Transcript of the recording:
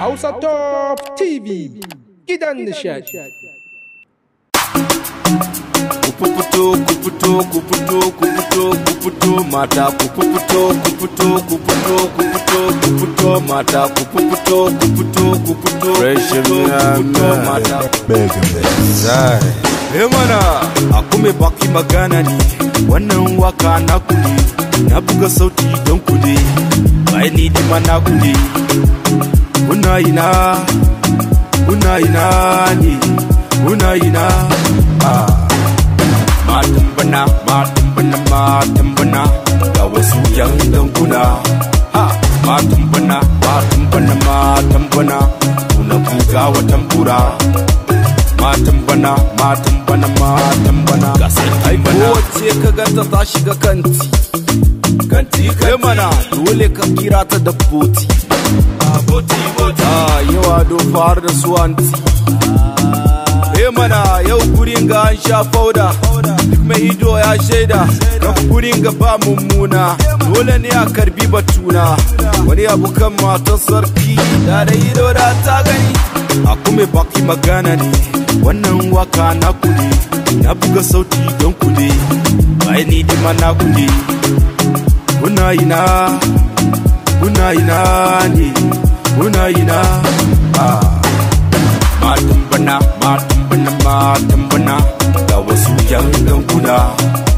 Hausa Top TV gidan nishadi. Ku fito, ku fito, ku fito, ku fito, ku fito mata, ku fito, ku fito, ku fito, ku fito, ku fito mata, ku fito, ku fito, ku fito, ku fito mata. Zai. Eh, mana a kuma baki magana ne, wannan waka na kule, na buga sauti don kule, bayan ni dima na kule. Una ina Una ina ne Una ina ah, bana matan bana matan bana Ga wasu yan danguna ha matan bana matan bana matan bana Kuna kuka watan bura matan bana matan bana matan bana gasar tai bana wacce ka ganta ta shiga kanti kanti kai eh mana dole ka kira ta da boti Ah, yau ado fara da su anti eh mana yau gurin ga an sha fauda Duk mai ido ya shaida Kan gurin ga ba mummuna Dole ne a karbi batuna Wani abu kan matan sarki Da da ido da ta gani A kuma baki magana ne Wannan waka na kule Na buga sauti don kude. Bayan ni dima na kule Kuna ina kuna ina ne kuna ina ah. matan bana matan bana matan bana ga wasu yan